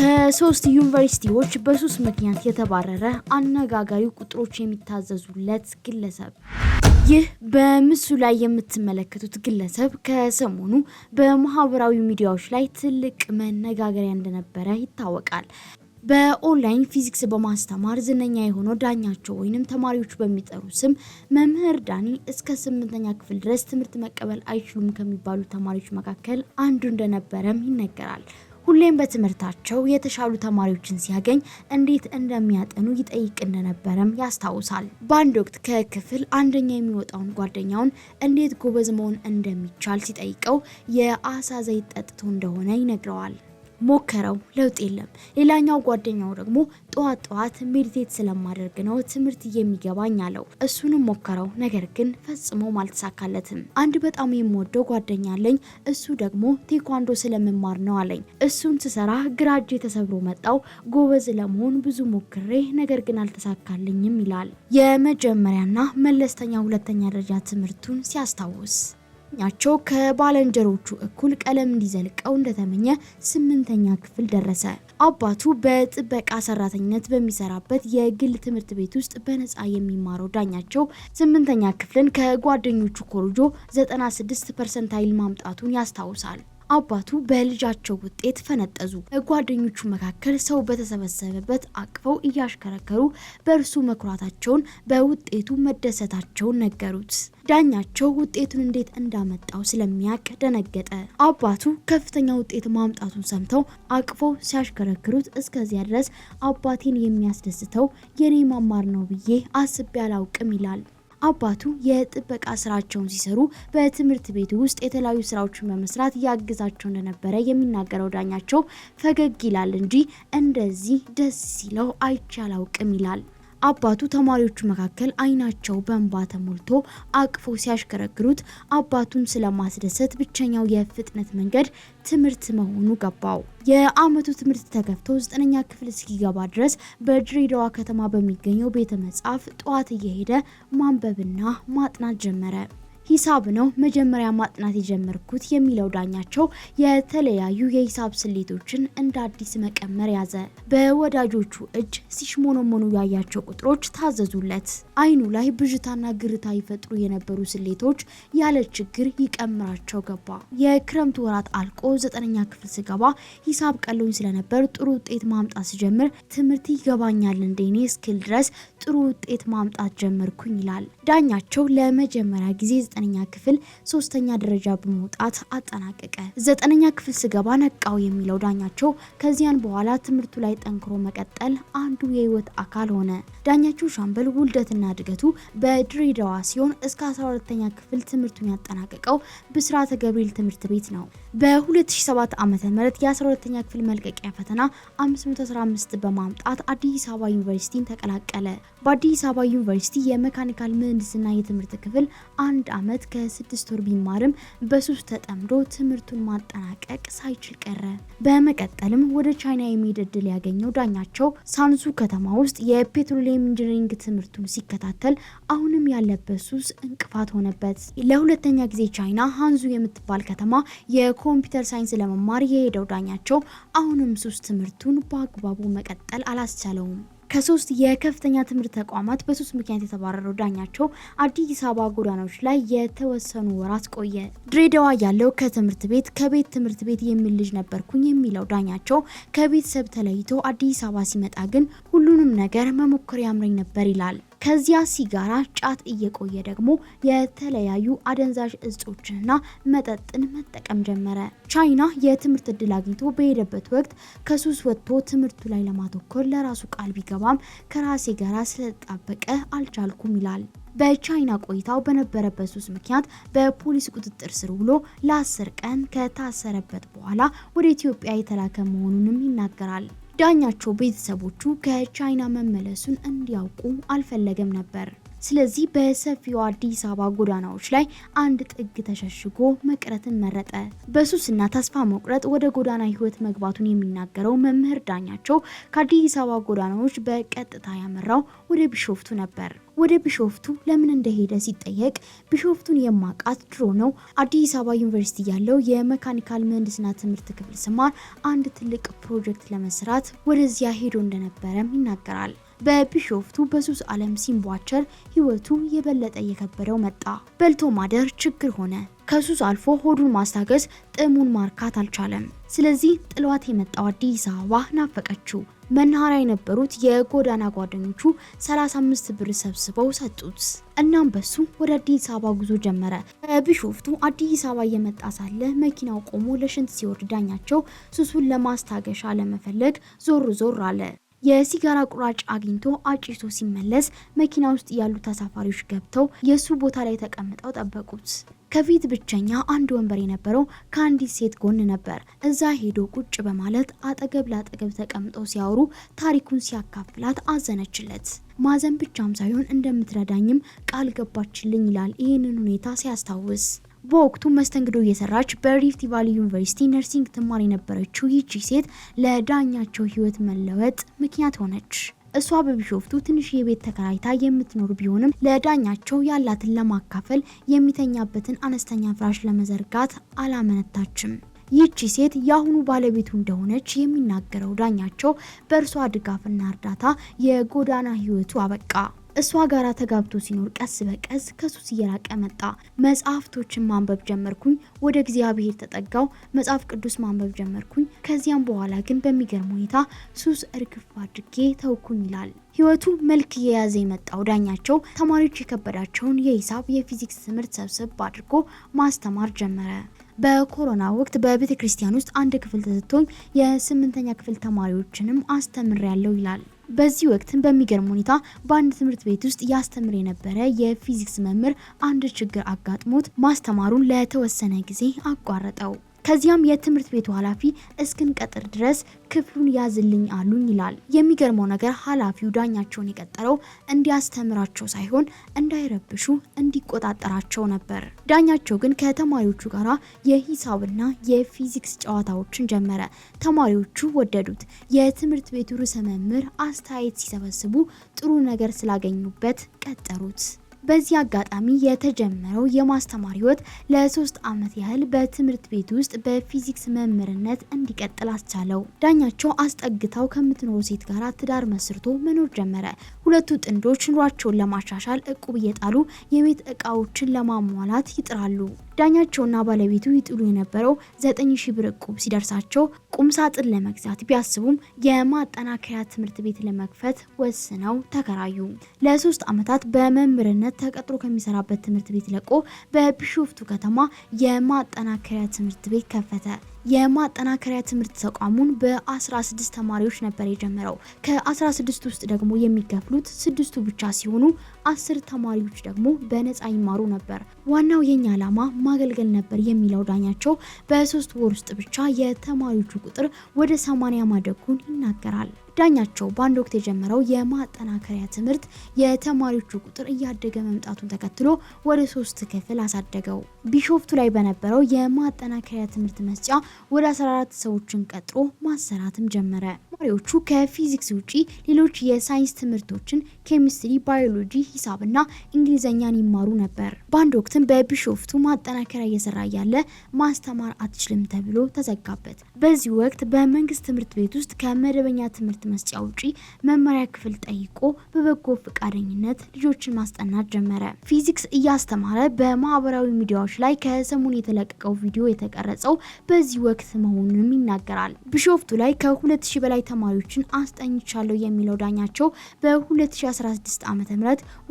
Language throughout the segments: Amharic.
ከሶስት ዩኒቨርሲቲዎች በሱስ ምክንያት የተባረረ አነጋጋሪ ቁጥሮች የሚታዘዙለት ግለሰብ። ይህ በምስሉ ላይ የምትመለከቱት ግለሰብ ከሰሞኑ በማህበራዊ ሚዲያዎች ላይ ትልቅ መነጋገሪያ እንደነበረ ይታወቃል። በኦንላይን ፊዚክስ በማስተማር ዝነኛ የሆነው ዳኛቸው ወይንም ተማሪዎች በሚጠሩ ስም መምህር ዳኒ እስከ ስምንተኛ ክፍል ድረስ ትምህርት መቀበል አይችሉም ከሚባሉ ተማሪዎች መካከል አንዱ እንደነበረም ይነገራል። ሁሌም በትምህርታቸው የተሻሉ ተማሪዎችን ሲያገኝ እንዴት እንደሚያጠኑ ይጠይቅ እንደነበረም ያስታውሳል። በአንድ ወቅት ከክፍል አንደኛ የሚወጣውን ጓደኛውን እንዴት ጎበዝ መሆን እንደሚቻል ሲጠይቀው የአሳ ዘይት ጠጥቶ እንደሆነ ይነግረዋል። ሞከረው፣ ለውጥ የለም። ሌላኛው ጓደኛው ደግሞ ጠዋት ጠዋት ሜዲቴት ስለማደርግ ነው ትምህርት የሚገባኝ አለው። እሱንም ሞከረው፣ ነገር ግን ፈጽሞም አልተሳካለትም። አንድ በጣም የምወደው ጓደኛ አለኝ፣ እሱ ደግሞ ቴኳንዶ ስለመማር ነው አለኝ። እሱን ስሰራ ግራ እጄ ተሰብሮ መጣው። ጎበዝ ለመሆን ብዙ ሞክሬ፣ ነገር ግን አልተሳካልኝም ይላል። የመጀመሪያና መለስተኛ ሁለተኛ ደረጃ ትምህርቱን ሲያስታውስ ኛቸው ከባለንጀሮቹ እኩል ቀለም እንዲዘልቀው እንደተመኘ ስምንተኛ ክፍል ደረሰ። አባቱ በጥበቃ ሰራተኝነት በሚሰራበት የግል ትምህርት ቤት ውስጥ በነፃ የሚማረው ዳኛቸው ስምንተኛ ክፍልን ከጓደኞቹ ኮርጆ 96 ኃይል ማምጣቱን ያስታውሳል። አባቱ በልጃቸው ውጤት ፈነጠዙ። በጓደኞቹ መካከል ሰው በተሰበሰበበት አቅፈው እያሽከረከሩ በእርሱ መኩራታቸውን በውጤቱ መደሰታቸውን ነገሩት። ዳኛቸው ውጤቱን እንዴት እንዳመጣው ስለሚያውቅ ደነገጠ። አባቱ ከፍተኛ ውጤት ማምጣቱን ሰምተው አቅፈው ሲያሽከረክሩት እስከዚያ ድረስ አባቴን የሚያስደስተው የኔ ማማር ነው ብዬ አስቤ አላውቅም ይላል። አባቱ የጥበቃ ስራቸውን ሲሰሩ በትምህርት ቤት ውስጥ የተለያዩ ስራዎችን በመስራት ያግዛቸው እንደነበረ የሚናገረው ዳኛቸው ፈገግ ይላል እንጂ እንደዚህ ደስ ሲለው አይቼ አላውቅም ይላል። አባቱ ተማሪዎቹ መካከል አይናቸው በእንባ ተሞልቶ አቅፎ ሲያሽከረክሩት አባቱን ስለማስደሰት ብቸኛው የፍጥነት መንገድ ትምህርት መሆኑ ገባው። የአመቱ ትምህርት ተከፍቶ ዘጠነኛ ክፍል እስኪገባ ድረስ በድሬዳዋ ከተማ በሚገኘው ቤተ መጽሐፍ ጠዋት እየሄደ ማንበብና ማጥናት ጀመረ። ሂሳብ ነው መጀመሪያ ማጥናት የጀመርኩት የሚለው ዳኛቸው የተለያዩ የሂሳብ ስሌቶችን እንደ አዲስ መቀመር ያዘ። በወዳጆቹ እጅ ሲሽሞኖሞኑ ያያቸው ቁጥሮች ታዘዙለት። አይኑ ላይ ብዥታና ግርታ ይፈጥሩ የነበሩ ስሌቶች ያለ ችግር ይቀምራቸው ገባ። የክረምቱ ወራት አልቆ ዘጠነኛ ክፍል ስገባ ሂሳብ ቀሎኝ ስለነበር ጥሩ ውጤት ማምጣት ስጀምር ትምህርት ይገባኛል እንደኔ እስክል ድረስ ጥሩ ውጤት ማምጣት ጀመርኩኝ ይላል ዳኛቸው ለመጀመሪያ ጊዜ ዘጠነኛ ክፍል ሶስተኛ ደረጃ በመውጣት አጠናቀቀ። ዘጠነኛ ክፍል ስገባ ነቃው የሚለው ዳኛቸው ከዚያን በኋላ ትምህርቱ ላይ ጠንክሮ መቀጠል አንዱ የህይወት አካል ሆነ። ዳኛቸው ሻምበል ውልደትና እድገቱ በድሬዳዋ ሲሆን እስከ 12ተኛ ክፍል ትምህርቱን ያጠናቀቀው ብስራተ ገብርኤል ትምህርት ቤት ነው። በ2007 ዓ.ም የ12ተኛ ክፍል መልቀቂያ ፈተና 515 በማምጣት አዲስ አበባ ዩኒቨርሲቲን ተቀላቀለ። በአዲስ አበባ ዩኒቨርሲቲ የመካኒካል ምህንድስና የትምህርት ክፍል አንድ ዓመት ከስድስት ወር ቢማርም በሱስ ተጠምዶ ትምህርቱን ማጠናቀቅ ሳይችል ቀረ። በመቀጠልም ወደ ቻይና የሚሄድ እድል ያገኘው ዳኛቸው ሳንሱ ከተማ ውስጥ የፔትሮሊየም ኢንጂነሪንግ ትምህርቱን ሲከታተል አሁንም ያለበት ሱስ እንቅፋት ሆነበት። ለሁለተኛ ጊዜ ቻይና ሃንዙ የምትባል ከተማ የኮምፒውተር ሳይንስ ለመማር የሄደው ዳኛቸው አሁንም ሱስ ትምህርቱን በአግባቡ መቀጠል አላስቻለውም። ከሶስት የከፍተኛ ትምህርት ተቋማት በሶስት ምክንያት የተባረረው ዳኛቸው አዲስ አበባ ጎዳናዎች ላይ የተወሰኑ ወራት ቆየ። ድሬዳዋ ያለው ከትምህርት ቤት ከቤት ትምህርት ቤት የሚል ልጅ ነበርኩኝ የሚለው ዳኛቸው ከቤተሰብ ተለይቶ አዲስ አበባ ሲመጣ ግን ሁሉንም ነገር መሞከር ያምረኝ ነበር ይላል። ከዚያ ሲጋራ፣ ጫት እየቆየ ደግሞ የተለያዩ አደንዛዥ እጾችንና መጠጥን መጠቀም ጀመረ። ቻይና የትምህርት እድል አግኝቶ በሄደበት ወቅት ከሱስ ወጥቶ ትምህርቱ ላይ ለማተኮር ለራሱ ቃል ቢገባም ከራሴ ጋር ስለተጣበቀ አልቻልኩም ይላል። በቻይና ቆይታው በነበረበት ሱስ ምክንያት በፖሊስ ቁጥጥር ስር ውሎ ለአስር ቀን ከታሰረበት በኋላ ወደ ኢትዮጵያ የተላከ መሆኑንም ይናገራል። ዳኛቸው ቤተሰቦቹ ከቻይና መመለሱን እንዲያውቁ አልፈለገም ነበር። ስለዚህ በሰፊው አዲስ አበባ ጎዳናዎች ላይ አንድ ጥግ ተሸሽጎ መቅረትን መረጠ። በሱስና ተስፋ መቁረጥ ወደ ጎዳና ህይወት መግባቱን የሚናገረው መምህር ዳኛቸው ከአዲስ አበባ ጎዳናዎች በቀጥታ ያመራው ወደ ቢሾፍቱ ነበር። ወደ ቢሾፍቱ ለምን እንደሄደ ሲጠየቅ ቢሾፍቱን የማቃት ድሮ ነው አዲስ አበባ ዩኒቨርሲቲ ያለው የመካኒካል ምህንድስና ትምህርት ክፍል ስማር አንድ ትልቅ ፕሮጀክት ለመስራት ወደዚያ ሄዶ እንደነበረም ይናገራል። በቢሾፍቱ በሱስ ዓለም ሲንቧቸር ህይወቱ የበለጠ እየከበደው መጣ። በልቶ ማደር ችግር ሆነ። ከሱስ አልፎ ሆዱን ማስታገስ ጥሙን ማርካት አልቻለም። ስለዚህ ጥሏት የመጣው አዲስ አበባ ናፈቀችው። መናኸሪያ የነበሩት የጎዳና ጓደኞቹ 35 ብር ሰብስበው ሰጡት። እናም በሱ ወደ አዲስ አበባ ጉዞ ጀመረ። በቢሾፍቱ አዲስ አበባ እየመጣ ሳለ መኪናው ቆሞ ለሽንት ሲወርድ ዳኛቸው ሱሱን ለማስታገሻ ለመፈለግ ዞር ዞር አለ። የሲጋራ ቁራጭ አግኝቶ አጭሶ ሲመለስ መኪና ውስጥ ያሉ ተሳፋሪዎች ገብተው የእሱ ቦታ ላይ ተቀምጠው ጠበቁት። ከፊት ብቸኛ አንድ ወንበር የነበረው ከአንዲት ሴት ጎን ነበር። እዛ ሄዶ ቁጭ በማለት አጠገብ ለአጠገብ ተቀምጠው ሲያወሩ ታሪኩን ሲያካፍላት አዘነችለት። ማዘን ብቻም ሳይሆን እንደምትረዳኝም ቃል ገባችልኝ ይላል ይህንን ሁኔታ ሲያስታውስ በወቅቱ መስተንግዶ እየሰራች በሪፍት ቫሊ ዩኒቨርሲቲ ነርሲንግ ትማር የነበረችው ይቺ ሴት ለዳኛቸው ህይወት መለወጥ ምክንያት ሆነች። እሷ በቢሾፍቱ ትንሽ የቤት ተከራይታ የምትኖር ቢሆንም ለዳኛቸው ያላትን ለማካፈል የሚተኛበትን አነስተኛ ፍራሽ ለመዘርጋት አላመነታችም። ይቺ ሴት የአሁኑ ባለቤቱ እንደሆነች የሚናገረው ዳኛቸው በእርሷ ድጋፍና እርዳታ የጎዳና ህይወቱ አበቃ። እሷ ጋራ ተጋብቶ ሲኖር ቀስ በቀስ ከሱስ እየራቀ መጣ። መጽሐፍቶችን ማንበብ ጀመርኩኝ። ወደ እግዚአብሔር ተጠጋው። መጽሐፍ ቅዱስ ማንበብ ጀመርኩኝ። ከዚያም በኋላ ግን በሚገርም ሁኔታ ሱስ እርግፍ አድርጌ ተውኩኝ ይላል። ህይወቱ መልክ እየያዘ የመጣው ዳኛቸው ተማሪዎች የከበዳቸውን የሂሳብ የፊዚክስ ትምህርት ሰብስብ አድርጎ ማስተማር ጀመረ። በኮሮና ወቅት በቤተ ክርስቲያን ውስጥ አንድ ክፍል ተሰጥቶኝ የስምንተኛ ክፍል ተማሪዎችንም አስተምር ያለው ይላል። በዚህ ወቅትም በሚገርም ሁኔታ በአንድ ትምህርት ቤት ውስጥ ያስተምር የነበረ የፊዚክስ መምህር አንድ ችግር አጋጥሞት ማስተማሩን ለተወሰነ ጊዜ አቋረጠው። ከዚያም የትምህርት ቤቱ ኃላፊ እስክንቀጥር ድረስ ክፍሉን ያዝልኝ አሉኝ ይላል። የሚገርመው ነገር ኃላፊው ዳኛቸውን የቀጠረው እንዲያስተምራቸው ሳይሆን እንዳይረብሹ እንዲቆጣጠራቸው ነበር። ዳኛቸው ግን ከተማሪዎቹ ጋራ የሂሳብና የፊዚክስ ጨዋታዎችን ጀመረ። ተማሪዎቹ ወደዱት። የትምህርት ቤቱ ርዕሰ መምህር አስተያየት ሲሰበስቡ ጥሩ ነገር ስላገኙበት ቀጠሩት። በዚህ አጋጣሚ የተጀመረው የማስተማር ህይወት ለሶስት ዓመት ያህል በትምህርት ቤት ውስጥ በፊዚክስ መምህርነት እንዲቀጥል አስቻለው። ዳኛቸው አስጠግታው ከምትኖረው ሴት ጋር ትዳር መስርቶ መኖር ጀመረ። ሁለቱ ጥንዶች ኑሯቸውን ለማሻሻል እቁብ እየጣሉ የቤት እቃዎችን ለማሟላት ይጥራሉ። ዳኛቸውና ባለቤቱ ይጥሉ የነበረው ዘጠኝ ብር እቁብ ሲደርሳቸው ቁም ሳጥን ለመግዛት ቢያስቡም የማጠናከያ ትምህርት ቤት ለመክፈት ወስነው ተከራዩ። ለሶስት ዓመታት በመምህርነት ተቀጥሮ ከሚሰራበት ትምህርት ቤት ለቆ በቢሾፍቱ ከተማ የማጠናከያ ትምህርት ቤት ከፈተ። የማጠናከሪያ ትምህርት ተቋሙን በ16 ተማሪዎች ነበር የጀመረው። ከ16 ውስጥ ደግሞ የሚከፍሉት ስድስቱ ብቻ ሲሆኑ አስር ተማሪዎች ደግሞ በነፃ ይማሩ ነበር። ዋናው የኛ ዓላማ ማገልገል ነበር የሚለው ዳኛቸው በሶስት ወር ውስጥ ብቻ የተማሪዎቹ ቁጥር ወደ 80 ማደጉን ይናገራል። ዳኛቸው በአንድ ወቅት የጀመረው የማጠናከሪያ ትምህርት የተማሪዎቹ ቁጥር እያደገ መምጣቱን ተከትሎ ወደ ሶስት ክፍል አሳደገው። ቢሾፍቱ ላይ በነበረው የማጠናከሪያ ትምህርት መስጫ ወደ 14 ሰዎችን ቀጥሮ ማሰራትም ጀመረ። ተማሪዎቹ ከፊዚክስ ውጪ ሌሎች የሳይንስ ትምህርቶችን ኬሚስትሪ፣ ባዮሎጂ፣ ሂሳብና እንግሊዘኛን ይማሩ ነበር። በአንድ ወቅትም በቢሾፍቱ ማጠናከሪያ እየሰራ ያለ ማስተማር አትችልም ተብሎ ተዘጋበት። በዚህ ወቅት በመንግስት ትምህርት ቤት ውስጥ ከመደበኛ ትምህርት መስጫ ውጪ መመሪያ ክፍል ጠይቆ በበጎ ፈቃደኝነት ልጆችን ማስጠናት ጀመረ። ፊዚክስ እያስተማረ በማህበራዊ ሚዲያዎች ላይ ከሰሞኑ የተለቀቀው ቪዲዮ የተቀረጸው በዚህ ወቅት መሆኑንም ይናገራል። ቢሾፍቱ ላይ ከ2000 በላይ ተማሪዎችን አስጠኝቻለሁ የሚለው ዳኛቸው በ2016 ዓ ም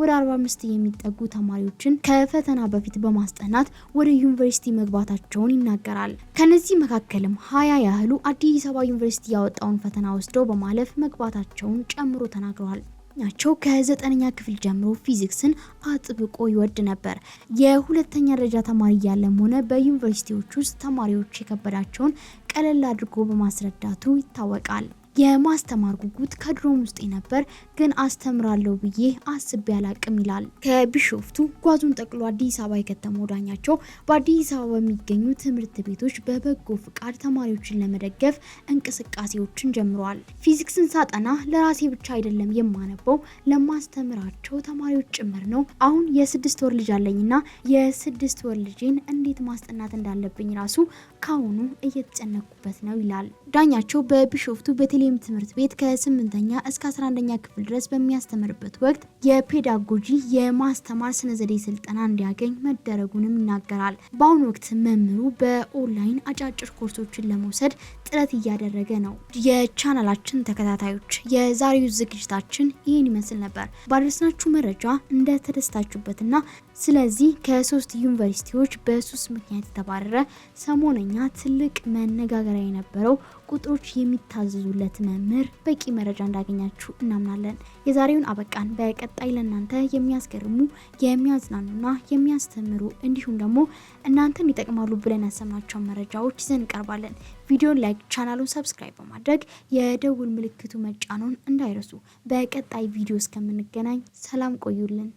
ወደ 45 የሚጠጉ ተማሪዎችን ከፈተና በፊት በማስጠናት ወደ ዩኒቨርሲቲ መግባታቸውን ይናገራል። ከነዚህ መካከልም ሀያ ያህሉ አዲስ አበባ ዩኒቨርሲቲ ያወጣውን ፈተና ወስደው በማለፍ መግባታቸውን ጨምሮ ተናግረዋል። ናቸው ከዘጠነኛ ክፍል ጀምሮ ፊዚክስን አጥብቆ ይወድ ነበር። የሁለተኛ ደረጃ ተማሪ እያለም ሆነ በዩኒቨርሲቲዎች ውስጥ ተማሪዎች የከበዳቸውን ቀለል አድርጎ በማስረዳቱ ይታወቃል። የማስተማር ጉጉት ከድሮም ውስጤ ነበር፣ ግን አስተምራለሁ ብዬ አስቤ አላቅም ይላል። ከቢሾፍቱ ጓዙን ጠቅሎ አዲስ አበባ የከተመው ዳኛቸው በአዲስ አበባ በሚገኙ ትምህርት ቤቶች በበጎ ፍቃድ ተማሪዎችን ለመደገፍ እንቅስቃሴዎችን ጀምረዋል። ፊዚክስን ሳጠና ለራሴ ብቻ አይደለም የማነበው ለማስተምራቸው ተማሪዎች ጭምር ነው። አሁን የስድስት ወር ልጅ አለኝና የስድስት ወር ልጄን እንዴት ማስጠናት እንዳለብኝ ራሱ ካሁኑ እየተጨነኩበት ነው ይላል። ዳኛቸው በቢሾፍቱ ቤተልሔም ትምህርት ቤት ከስምንተኛ እስከ አስራ አንደኛ ክፍል ድረስ በሚያስተምርበት ወቅት የፔዳጎጂ የማስተማር ስነዘዴ ስልጠና እንዲያገኝ መደረጉንም ይናገራል። በአሁኑ ወቅት መምህሩ በኦንላይን አጫጭር ኮርሶችን ለመውሰድ ጥረት እያደረገ ነው። የቻናላችን ተከታታዮች የዛሬው ዝግጅታችን ይህን ይመስል ነበር። ባደረስናችሁ መረጃ እንደተደስታችሁበትና ስለዚህ ከሶስት ዩኒቨርሲቲዎች በሱስ ምክንያት የተባረረ ሰሞነኛ ትልቅ መነጋገሪያ የነበረው ቁጥሮች የሚታዘዙለት መምህር በቂ መረጃ እንዳገኛችሁ እናምናለን። የዛሬውን አበቃን። በቀጣይ ለእናንተ የሚያስገርሙ የሚያዝናኑና የሚያስተምሩ እንዲሁም ደግሞ እናንተን ይጠቅማሉ ብለን ያሰብናቸውን መረጃዎች ይዘን እንቀርባለን። ቪዲዮን ላይክ፣ ቻናሉን ሰብስክራይብ በማድረግ የደውል ምልክቱ መጫኖን እንዳይረሱ። በቀጣይ ቪዲዮ እስከምንገናኝ ሰላም ቆዩልን።